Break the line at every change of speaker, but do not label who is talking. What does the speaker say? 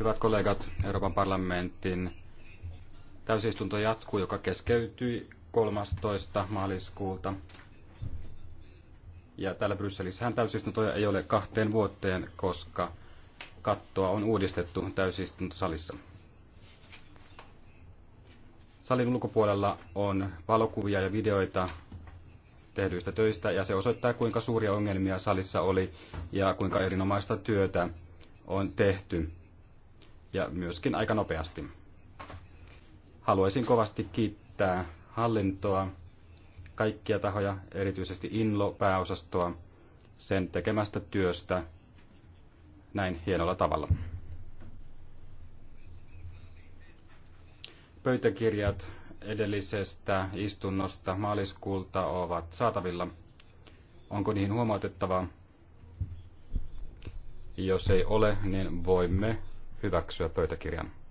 Hyvät kollegat, Euroopan parlamentin täysistunto jatkuu, joka keskeytyi 13. maaliskuuta. Ja täällä Brysselissähän täysistuntoja ei ole kahteen vuoteen, koska kattoa on uudistettu täysistuntosalissa. Salin ulkopuolella on valokuvia ja videoita tehdyistä töistä ja se osoittaa, kuinka suuria ongelmia salissa oli ja kuinka erinomaista työtä on tehty ja myöskin aika nopeasti. Haluaisin kovasti kiittää hallintoa, kaikkia tahoja, erityisesti INLO-pääosastoa, sen tekemästä työstä näin hienolla tavalla. Pöytäkirjat edellisestä istunnosta maaliskuulta ovat saatavilla. Onko niihin huomautettavaa? Jos ei ole, niin voimme hyväksyä pöytäkirjan.